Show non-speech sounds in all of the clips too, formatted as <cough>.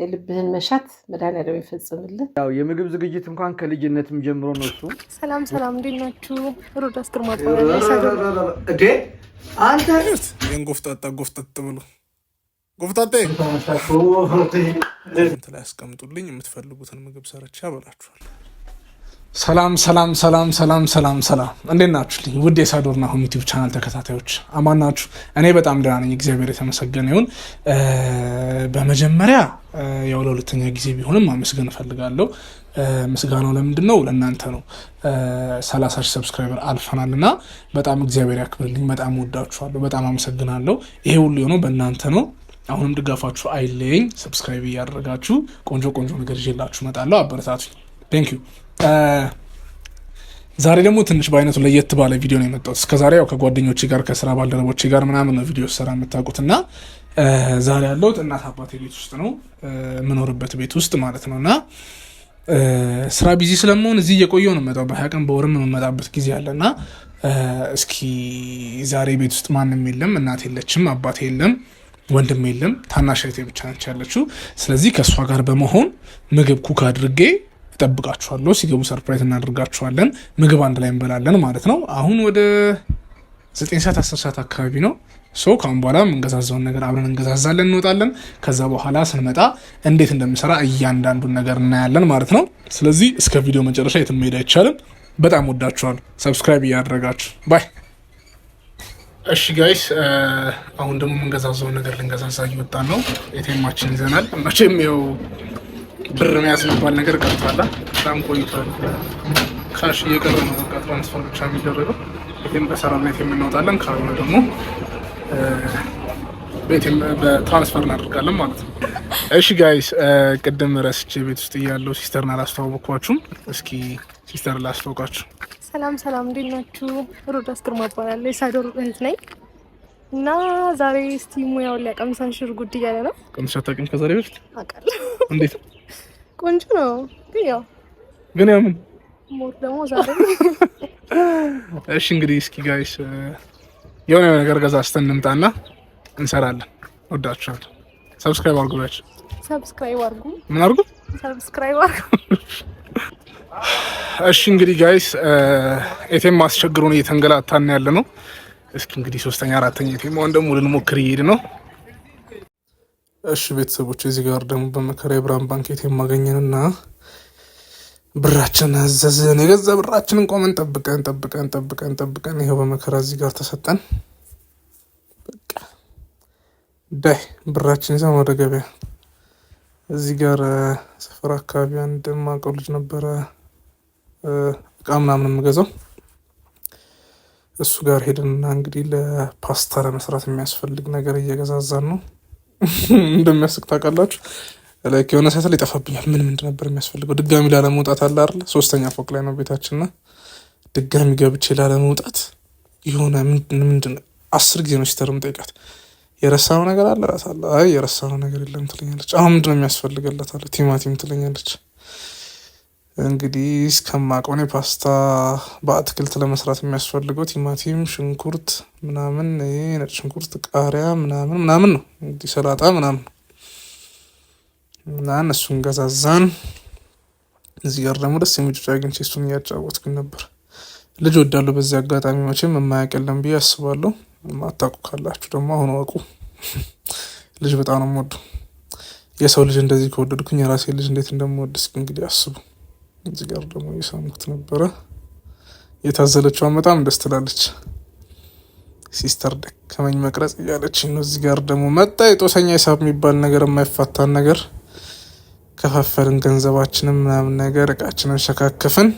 የልብህን መሻት መድኃኒዓለም ይፈጽምልን። ያው የምግብ ዝግጅት እንኳን ከልጅነትም ጀምሮ ነው እሱ። ሰላም ሰላም፣ እንዴት ናችሁ? ሮዳስ ግርማ ግን ጎፍጣጣ ጎፍጠጥ ብሎ ጎፍጣጤ ላይ አስቀምጡልኝ የምትፈልጉትን ምግብ ሰርቻ በላችኋል። ሰላም ሰላም ሰላም ሰላም ሰላም ሰላም፣ እንዴት ናችሁ? ውድ የሳዶር ናሆም ዩቲዩብ ቻናል ተከታታዮች አማን ናችሁ? እኔ በጣም ደህና ነኝ፣ እግዚአብሔር የተመሰገነ ይሁን። በመጀመሪያ ያው ለሁለተኛ ጊዜ ቢሆንም አመስገን እፈልጋለሁ። ምስጋናው ለምንድን ነው? ለእናንተ ነው። ሰላሳ ሺህ ሰብስክራይበር አልፈናል እና በጣም እግዚአብሔር ያክብርልኝ። በጣም ወዳችኋለሁ፣ በጣም አመሰግናለሁ። ይሄ ሁሉ የሆነው በእናንተ ነው። አሁንም ድጋፋችሁ አይለየኝ። ሰብስክራይብ እያደረጋችሁ ቆንጆ ቆንጆ ነገር ይዤላችሁ እመጣለሁ። አበረታቱኝ። ቴንክ ዩ ዛሬ ደግሞ ትንሽ በአይነቱ ለየት ባለ ቪዲዮ ነው የመጣሁት። እስከዛሬ ያው ከጓደኞቼ ጋር ከስራ ባልደረቦቼ ጋር ምናምን ነው ቪዲዮ ስራ የምታውቁት እና ዛሬ ያለሁት እናት አባቴ ቤት ውስጥ ነው የምኖርበት ቤት ውስጥ ማለት ነው እና ስራ ቢዚ ስለመሆን እዚህ እየቆየሁ ነው የምመጣው። በሀያ ቀን በወርም የምመጣበት ጊዜ አለ እና እስኪ ዛሬ ቤት ውስጥ ማንም የለም፣ እናት የለችም፣ አባቴ የለም፣ ወንድም የለም፣ ታናሽ እህቴ ብቻ ነች ያለችው። ስለዚህ ከእሷ ጋር በመሆን ምግብ ኩክ አድርጌ እጠብቃችኋለሁ። ሲገቡ ሰርፕራይዝ እናደርጋችኋለን። ምግብ አንድ ላይ እንበላለን ማለት ነው። አሁን ወደ ዘጠኝ ሰዓት አስር ሰዓት አካባቢ ነው። ሶ ከአሁን በኋላ የምንገዛዘውን ነገር አብረን እንገዛዛለን፣ እንወጣለን። ከዛ በኋላ ስንመጣ እንዴት እንደምሰራ እያንዳንዱን ነገር እናያለን ማለት ነው። ስለዚህ እስከ ቪዲዮ መጨረሻ የትም መሄድ አይቻልም። በጣም ወዳችኋል። ሰብስክራይብ እያደረጋችሁ ባይ። እሺ ጋይስ፣ አሁን ደግሞ የምንገዛዘውን ነገር ልንገዛዛ እየወጣን ነው። ኤቲኤማችን ይዘናል መቼም ብር የሚባል ነገር ቀርቷል። በጣም ቆይቷል። ካሽ እየቀረ ነው። በቃ ትራንስፈር ብቻ የሚደረገው ቤቴም በሰራነት የምናወጣለን ካልሆነ ደግሞ በትራንስፈር እናደርጋለን ማለት ነው። እሺ ጋይስ፣ ቅድም ረስቼ ቤት ውስጥ እያለው ሲስተርን አላስተዋወቅኳችሁም። እስኪ ሲስተር ላስተዋውቃችሁ። ሰላም ሰላም፣ እንዴት ናችሁ? ሮዳስ ግርማ እባላለሁ የሳዶር እህት ነኝ። እና ዛሬ እስቲ ሙያውን ሊያቀምሰን ሽር ጉድ እያለ ነው። ቀምሰ አታውቂም ከዛሬ በፊት? አውቃለሁ። እንዴት ቆንጆ ነው ግን ያው ግን ያው ምን ሞት ደግሞ ዛሬ። <laughs> እሺ እንግዲህ እስኪ ጋይስ የሆነ ነገር ገዛዝተን እንምጣና እንሰራለን። ወዳችኋለሁ። ሰብስክራይብ አርጉ ያች ሰብስክራይብ አርጉ ምን አርጉ ሰብስክራይብ አርጉ <laughs> እሺ እንግዲህ ጋይስ ኤቴም ማስቸግሩን እየተንገላታን ያለ ነው። እስኪ እንግዲህ ሶስተኛ አራተኛ ኤቴም ወንደሙ ልንሞክር እየሄድ ነው እሺ ቤተሰቦች እዚህ ጋር ደግሞ በመከራ የብርሃን ባንክ የት የማገኘንና ብራችን አዘዝን የገዛ ብራችንን ቆመን ጠብቀን ጠብቀን ጠብቀን ጠብቀን ይኸው በመከራ እዚህ ጋር ተሰጠን። በቃ ዳይ ብራችን ይዘን ወደ ገበያ እዚህ ጋር ሰፈር አካባቢ አንድ ማውቀው ልጅ ነበረ እቃ ምናምን የምገዛው እሱ ጋር ሄድንና እንግዲህ ለፓስታ ለመስራት የሚያስፈልግ ነገር እየገዛዛን ነው። <laughs> እንደሚያስቅ ታውቃላችሁ። ላይክ የሆነ ሳይት ላይ ይጠፋብኛል። ምን ምንድ ነበር የሚያስፈልገው? ድጋሚ ላለመውጣት አለ አይደል? ሶስተኛ ፎቅ ላይ ነው ቤታችንና ድጋሚ ገብቼ ላለመውጣት የሆነ ምንድን አስር ጊዜ ነው ሲተርም ጠይቃት የረሳው ነገር አለ ራሳለ አይ የረሳው ነገር የለም ትለኛለች። አሁን ምንድነው አለ ቲማቲም ትለኛለች። እንግዲህ እስከማውቀው የፓስታ ፓስታ በአትክልት ለመስራት የሚያስፈልገው ቲማቲም፣ ሽንኩርት ምናምን ነጭ ሽንኩርት፣ ቃሪያ ምናምን ምናምን ነው እንግዲህ ሰላጣ ምናምን እና እነሱን ገዛዛን። እዚህ ጋር ደግሞ ደስ የሚጭጭ ጩጬ አግኝቼ እሱን እያጫወትኩኝ ነበር። ልጅ ወዳለሁ። በዚህ አጋጣሚ መቼም የማያቀለም ብዬ አስባለሁ። ማታውቁ ካላችሁ ደግሞ አሁን አውቁ። ልጅ በጣም ነው የምወዱ። የሰው ልጅ እንደዚህ ከወደድኩኝ የራሴ ልጅ እንዴት እንደምወድ እስኪ እንግዲህ አስቡ። እዚህ ጋር ደግሞ የሳምኩት ነበረ። የታዘለችዋን በጣም ደስ ትላለች። ሲስተር ደከመኝ መቅረጽ እያለች ነው። እዚህ ጋር ደግሞ መጣ የጦሰኛ ሂሳብ የሚባል ነገር የማይፋታን ነገር ከፋፈልን፣ ገንዘባችንን ምናምን ነገር እቃችንን ሸካከፍን።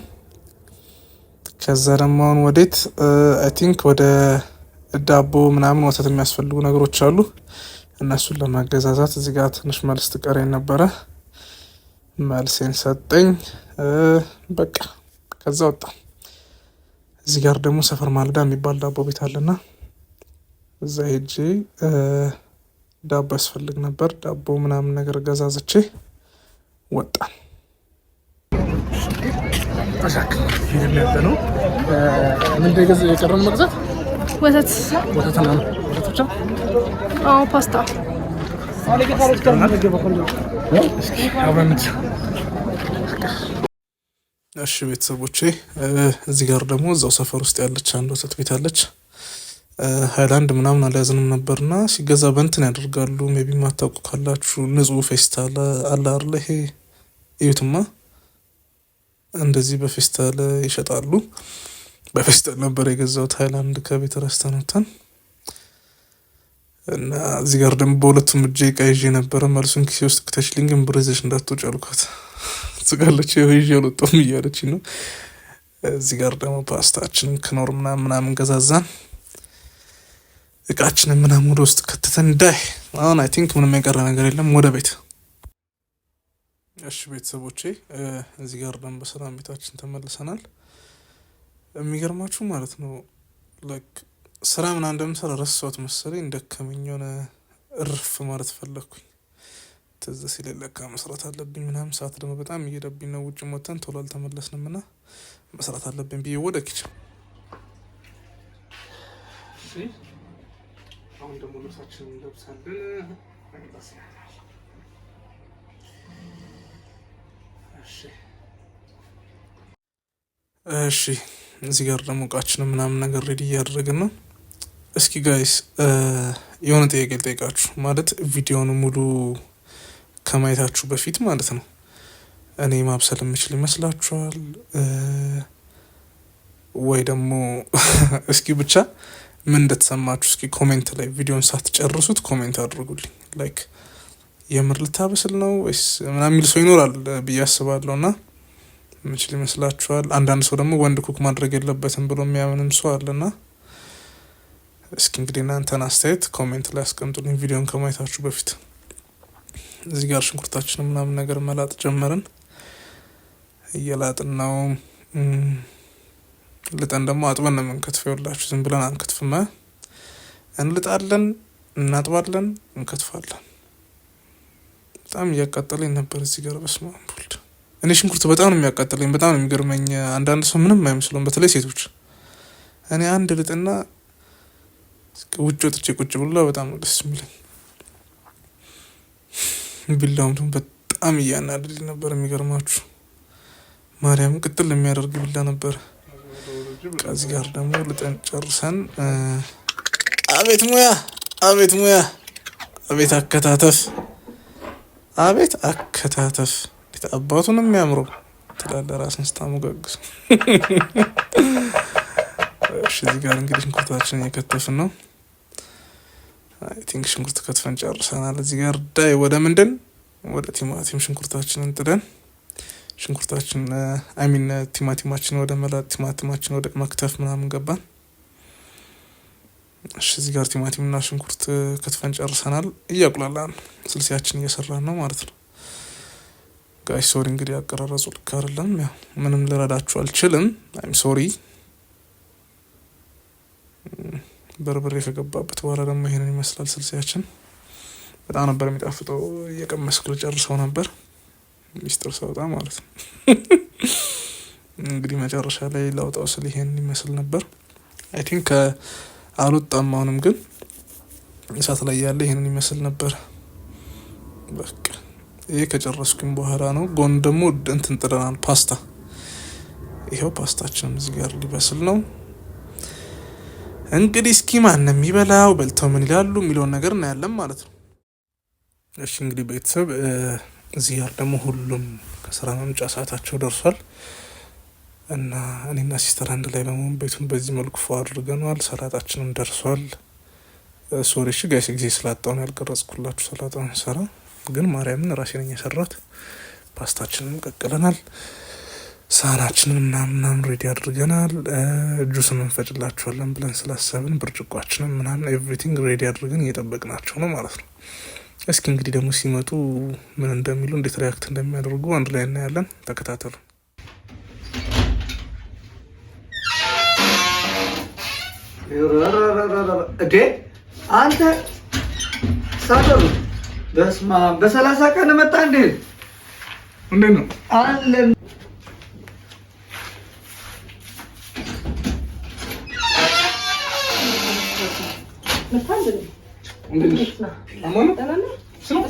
ከዛ ደግሞ አሁን ወዴት አይ ቲንክ ወደ ዳቦ ምናምን ወተት የሚያስፈልጉ ነገሮች አሉ። እነሱን ለማገዛዛት እዚህ ጋር ትንሽ መልስ ትቀረኝ ነበረ። መልሴን ሰጠኝ። በቃ ከዛ ወጣ። እዚህ ጋር ደግሞ ሰፈር ማለዳ የሚባል ዳቦ ቤት አለና እዛ ሄጄ ዳቦ ያስፈልግ ነበር። ዳቦ ምናምን ነገር ገዛዝቼ ወጣ። ምንድን የቀረን መግዛት ወተት ወተት ወተት ብቻ ፓስታ እሺ ቤተሰቦቼ እዚህ ጋር ደግሞ እዛው ሰፈር ውስጥ ያለች አንድ ወተት ቤት አለች። ሀይላንድ ምናምን አልያዝንም ነበርና ሲገዛ በእንትን ያደርጋሉ። ሜቢ ማታውቁ ካላችሁ ንጹህ ፌስታል አለ አይደል? ይሄ እዩትማ፣ እንደዚህ በፌስታል ይሸጣሉ። በፌስታል ነበር የገዛሁት ሀይላንድ ከቤት ረስተነተን እና እዚህ ጋር ደግሞ በሁለቱም እጄ ቃ ይዤ ነበረ። መልሱን ኪሴ ውስጥ ክተችልኝ፣ ግን ብሬዘሽ እንዳትወጭ አልኳት። ስጋለች ይዤ አልወጣሁም እያለች ነው። እዚህ ጋር ደግሞ ፓስታችን ክኖር ምናምን ምናምን ገዛዛን እቃችንን ምናምን ወደ ውስጥ ከትተን ዳይ አሁን አይ ቲንክ ምንም የቀረ ነገር የለም ወደ ቤት። እሺ ቤተሰቦቼ እዚህ ጋር ደግሞ በሰላም ቤታችን ተመልሰናል። የሚገርማችሁ ማለት ነው ላይክ ስራ ምናምን እንደምሰራ ረሳሁት መሰለኝ። እንደከመኝ የሆነ እርፍ ማለት ፈለግኩኝ። ትዝ ሲለኝ ለካ መስራት አለብኝ ምናምን። ሰዓት ደግሞ በጣም እየሄደብኝ ነው። ውጭ ሞተን ቶሎ አልተመለስንም እና መስራት አለብኝ ብዬ ወደ ኪችን አሁን ደግሞ ልብሳችንን እንለብሳለን። እሺ እዚህ ጋር ደግሞ እቃችንን ምናምን ነገር ሬዲ እያደረግን ነው። እስኪ ጋይስ የሆነ ጥያቄ ልጠይቃችሁ። ማለት ቪዲዮውን ሙሉ ከማየታችሁ በፊት ማለት ነው። እኔ ማብሰል የምችል ይመስላችኋል? ወይ ደግሞ <laughs> እስኪ ብቻ ምን እንደተሰማችሁ እስኪ ኮሜንት ላይ ቪዲዮን ሳትጨርሱት ኮሜንት አድርጉልኝ። ላይክ የምር ልታበስል ነው ወይስ ምና የሚል ሰው ይኖራል ብዬ አስባለሁ። ና ምችል ይመስላችኋል? አንዳንድ ሰው ደግሞ ወንድ ኩክ ማድረግ የለበትም ብሎ የሚያምንም ሰው አለና እስኪ እንግዲህ እናንተን አስተያየት ኮሜንት ላይ አስቀምጡልኝ። ቪዲዮን ከማየታችሁ በፊት እዚህ ጋር ሽንኩርታችን ምናምን ነገር መላጥ ጀመርን። እየላጥን ነው። ልጠን ደግሞ አጥበን ነው የምንከትፈው። ይኸውላችሁ ዝም ብለን አንከትፍማ። እንልጣለን፣ እናጥባለን፣ እንከትፋለን። በጣም እያቃጠለኝ ነበር እዚህ ጋር በስመ አብ ወልድ። እኔ ሽንኩርት በጣም ነው የሚያቃጥለኝ፣ በጣም ነው የሚገርመኝ። አንዳንድ ሰው ምንም አይመስለውም፣ በተለይ ሴቶች። እኔ አንድ ልጥና ውጭ ወጥቼ ቁጭ ብላ በጣም ደስ የሚለኝ ቢላውም ደግሞ በጣም እያናደደኝ ነበር። የሚገርማችሁ ማርያም ቅጥል የሚያደርግ ቢላ ነበር። ከዚህ ጋር ደግሞ ልጠን ጨርሰን አቤት ሙያ፣ አቤት ሙያ፣ አቤት አከታተፍ፣ አቤት አከታተፍ አባቱን የሚያምረው ትላለህ ራስን ስታሞጋግስ እዚህ ጋር እንግዲህ ሽንኩርታችን እየከተፍን ነው። አይ ቲንክ ሽንኩርት ከትፈን ጨርሰናል። እዚህ ጋር ዳይ ወደ ምንድን ወደ ቲማቲም ሽንኩርታችንን ጥደን ሽንኩርታችን አሚን ቲማቲማችን ወደ መላ ቲማቲማችን ወደ መክተፍ ምናምን ገባን። እሺ እዚህ ጋር ቲማቲምና ሽንኩርት ከትፈን ጨርሰናል። እያቁላላን ስልሲያችን እየሰራን ነው ማለት ነው። ጋይ ሶሪ እንግዲህ አቀራረጹ ልክ አይደለም። ያው ምንም ልረዳችሁ አልችልም። አይም ሶሪ በርበሬ ከገባበት በኋላ ደግሞ ይሄንን ይመስላል ስልሲያችን። በጣም ነበር የሚጣፍጠው። እየቀመስኩ ልጨርሰው ነበር ሚስጥር ሰውጣ ማለት ነው። እንግዲህ መጨረሻ ላይ ላውጣው ስል ይሄን ይመስል ነበር። አይ ቲንክ አልወጣም። አሁንም ግን እሳት ላይ ያለ ይሄንን ይመስል ነበር። በቃ ይሄ ከጨረስኩኝ በኋላ ነው። ጎን ደግሞ እንትን ጥደናል ፓስታ። ይኸው ፓስታችንም እዚህ ጋር ሊበስል ነው። እንግዲህ እስኪ ማን ነው የሚበላው፣ በልተው ምን ይላሉ የሚለውን ነገር እናያለን ማለት ነው። እሺ እንግዲህ ቤተሰብ እዚህ ያር ደግሞ ሁሉም ከስራ መምጫ ሰዓታቸው ደርሷል እና እኔና ሲስተር አንድ ላይ በመሆን ቤቱን በዚህ መልኩ ፎ አድርገነዋል። ሰላጣችንም ደርሷል። ሶሪ እሺ ጋይስ ጊዜ ስላጣውን ያልቀረጽኩላችሁ ሰላጣውን ሰራ ግን ማርያምን ራሴ ነኝ የሰራት። ፓስታችንም ቀቅለናል። ሳራችንን ምናምን ምናምን ሬዲ አድርገናል። ጁስን እንፈጭላቸዋለን ብለን ስላሰብን ብርጭቋችንን ምናምን ኤቭሪቲንግ ሬዲ አድርገን እየጠበቅናቸው ነው ማለት ነው። እስኪ እንግዲህ ደግሞ ሲመጡ ምን እንደሚሉ እንዴት ሪያክት እንደሚያደርጉ አንድ ላይ እናያለን። ተከታተሉ። እዴ አንተ ሳደሩ በስማ በሰላሳ ቀን መጣ እንዴ? እንዴ ነው አለን أمانة؟ شنو؟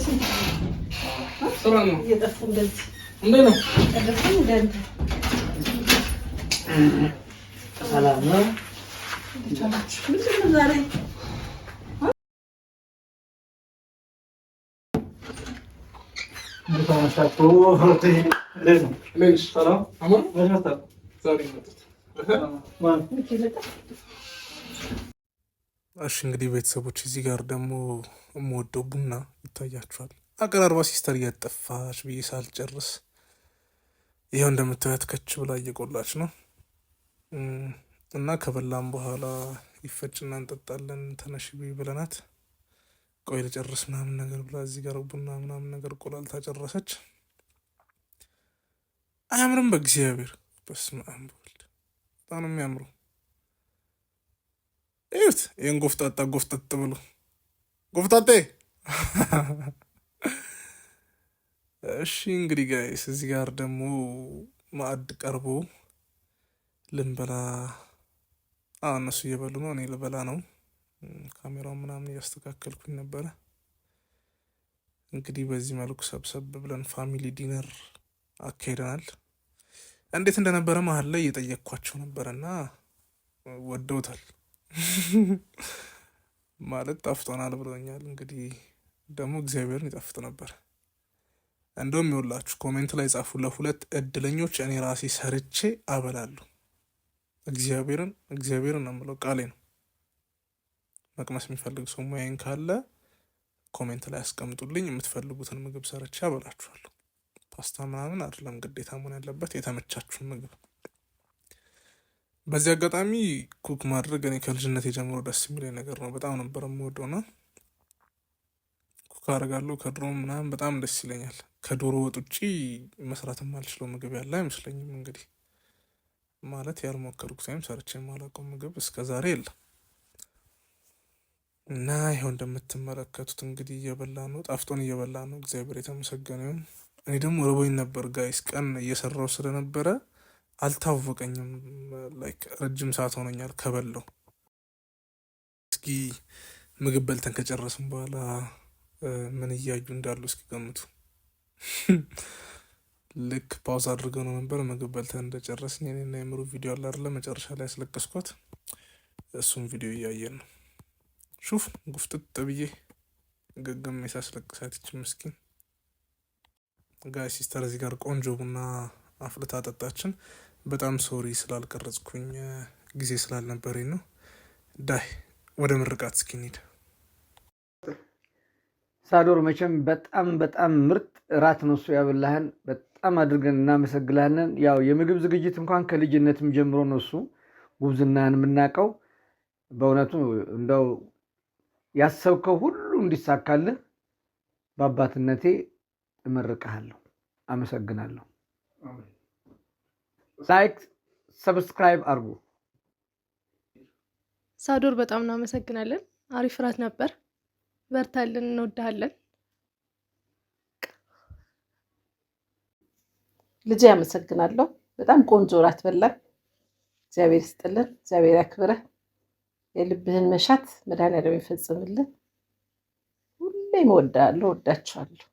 شنو أمانة؟ يدفون بنت عندنا يدفون بنت سلامة شنو زاري؟ ليش؟ سلام؟ أمانة؟ سلام؟ سلام እሺ እንግዲህ ቤተሰቦች እዚህ ጋር ደግሞ የምወደው ቡና ይታያችኋል። አቀራርባ ሲስተር እያጠፋች ብዬ ሳልጨርስ ይኸው እንደምታያት ከች ብላ እየቆላች ነው። እና ከበላም በኋላ ይፈጭና እንጠጣለን ተነሽ ብለናት ቆይ ልጨርስ ምናምን ነገር ብላ እዚህ ጋር ቡና ምናምን ነገር ቆላልታ ጨረሰች። አያምርም? በእግዚአብሔር በስመ አብ ወልድ በጣም ነው የሚያምረው። እዩት ይህን ጎፍጣጣ ጎፍጠጥ ብሎ ጎፍጣጤ። እሺ እንግዲህ ጋይስ እዚህ ጋር ደግሞ ማዕድ ቀርቦ ልንበላ እነሱ እየበሉ ነው፣ እኔ ልበላ ነው። ካሜራውን ምናምን እያስተካከልኩኝ ነበረ። እንግዲህ በዚህ መልኩ ሰብሰብ ብለን ፋሚሊ ዲነር አካሂደናል። እንዴት እንደነበረ መሀል ላይ እየጠየቅኳቸው ነበረና ወደውታል። <laughs> ማለት ጠፍቶናል ብሎኛል። እንግዲህ ደግሞ እግዚአብሔርን ይጠፍጥ ነበር። እንደውም ይውላችሁ ኮሜንት ላይ ጻፉ፣ ለሁለት እድለኞች እኔ ራሴ ሰርቼ አበላለሁ። እግዚአብሔርን እግዚአብሔርን ነው የምለው፣ ቃሌ ነው። መቅመስ የሚፈልግ ሰው ሙያዬን ካለ ኮሜንት ላይ አስቀምጡልኝ። የምትፈልጉትን ምግብ ሰርቼ አበላችኋለሁ። ፓስታ ምናምን አይደለም ግዴታ መሆን ያለበት የተመቻችሁን ምግብ በዚህ አጋጣሚ ኩክ ማድረግ እኔ ከልጅነት የጀምሮ ደስ የሚለኝ ነገር ነው። በጣም ነበር የምወደውና ኩክ አደርጋለሁ ከድሮ ምናምን በጣም ደስ ይለኛል። ከዶሮ ወጥ ውጭ መስራት ማልችለው ምግብ ያለ አይመስለኝም። እንግዲህ ማለት ያልሞከርኩት ወይም ሰርቼ የማላውቀው ምግብ ዛሬ የለም። እና ይኸው እንደምትመለከቱት እንግዲህ እየበላ ነው፣ ጣፍጦን እየበላ ነው። እግዚአብሔር የተመሰገነ ይሁን። እኔ ደግሞ ርቦኝ ነበር ጋይስ፣ ቀን እየሰራው ስለነበረ አልታወቀኝም። ላይክ ረጅም ሰዓት ሆኖኛል ከበለው። እስኪ ምግብ በልተን ከጨረስም በኋላ ምን እያዩ እንዳሉ እስኪ ገምቱ። <laughs> ልክ ፓውዝ አድርገው ነው ነበር ምግብ በልተን እንደጨረስን የኔና የምሩ ቪዲዮ አለ አይደለ? መጨረሻ ላይ ያስለቀስኳት እሱም ቪዲዮ እያየን ነው። ሹፍ ጉፍጥጥ ብዬ ገገም ሳስለቅሳት ምስኪን ጋይ ሲስተር እዚህ ጋር ቆንጆ ቡና አፍልታ ጠጣችን። በጣም ሶሪ ስላልቀረጽኩኝ ጊዜ ስላልነበረኝ ነው። ዳይ ወደ ምርቃት እስኪንሄድ ሳዶር መቼም በጣም በጣም ምርጥ እራት ነው እሱ ያበላህን። በጣም አድርገን እናመሰግናለን። ያው የምግብ ዝግጅት እንኳን ከልጅነትም ጀምሮ ነው እሱ ጉብዝናን የምናውቀው። በእውነቱ እንደው ያሰብከው ሁሉ እንዲሳካልህ በአባትነቴ እመርቀሃለሁ። አመሰግናለሁ። ላይክ ሰብስክራይብ አርጉ ሳዶር በጣም እናመሰግናለን። አሪፍ እራት ነበር። በርታልን፣ እንወድሃለን። ልጄ አመሰግናለሁ። በጣም ቆንጆ እራት በላን። እግዚአብሔር ይስጥልን፣ እግዚአብሔር ያክብረህ። የልብህን መሻት መድኃኒዓለም ይፈጽምልን። ሁሌም እወድሃለሁ፣ እወዳችኋለሁ።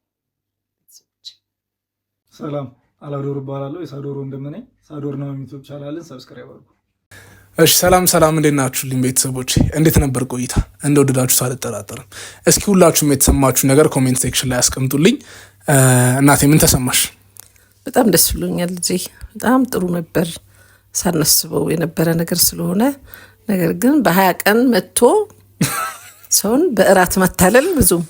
ሰላም አላዶር እባላለሁ። የሳዶር ወንድም ነኝ። ሳዶር ነው ዩቱብ ቻናልን ሰብስክራይብ አድርጉ። እሺ ሰላም ሰላም፣ እንዴት ናችሁልኝ ቤተሰቦች? እንዴት ነበር ቆይታ? እንደወደዳችሁ አልጠራጠርም። እስኪ ሁላችሁም የተሰማችሁ ነገር ኮሜንት ሴክሽን ላይ አስቀምጡልኝ። እናቴ ምን ተሰማሽ? በጣም ደስ ብሎኛል ልጄ። በጣም ጥሩ ነበር ሳናስበው የነበረ ነገር ስለሆነ ነገር ግን በሀያ ቀን መጥቶ <laughs> ሰውን በእራት መታለል ብዙም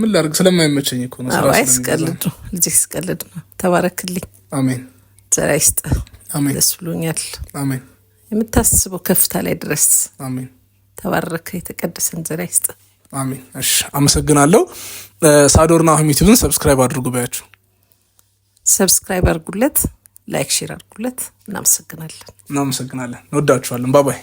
ምን ላድርግ ስለማይመቸኝ እኮ ነው። አይ ስቀልድ ነው ልጄ ስቀልድ ነው። ተባረክልኝ። አሜን። ዘራ ይስጥ። አሜን። ደስ ብሎኛል። አሜን። የምታስበው ከፍታ ላይ ድረስ። አሜን። ተባረከ። የተቀደሰን ዘራ ይስጥ። አሜን። እሺ፣ አመሰግናለሁ። ሳዶርና ናሆም ዩቲዩብን ሰብስክራይብ አድርጉ ባያችሁ። ሰብስክራይብ አድርጉለት፣ ላይክ ሼር አድርጉለት። እናመሰግናለን። እናመሰግናለን። እንወዳችኋለን። ባባይ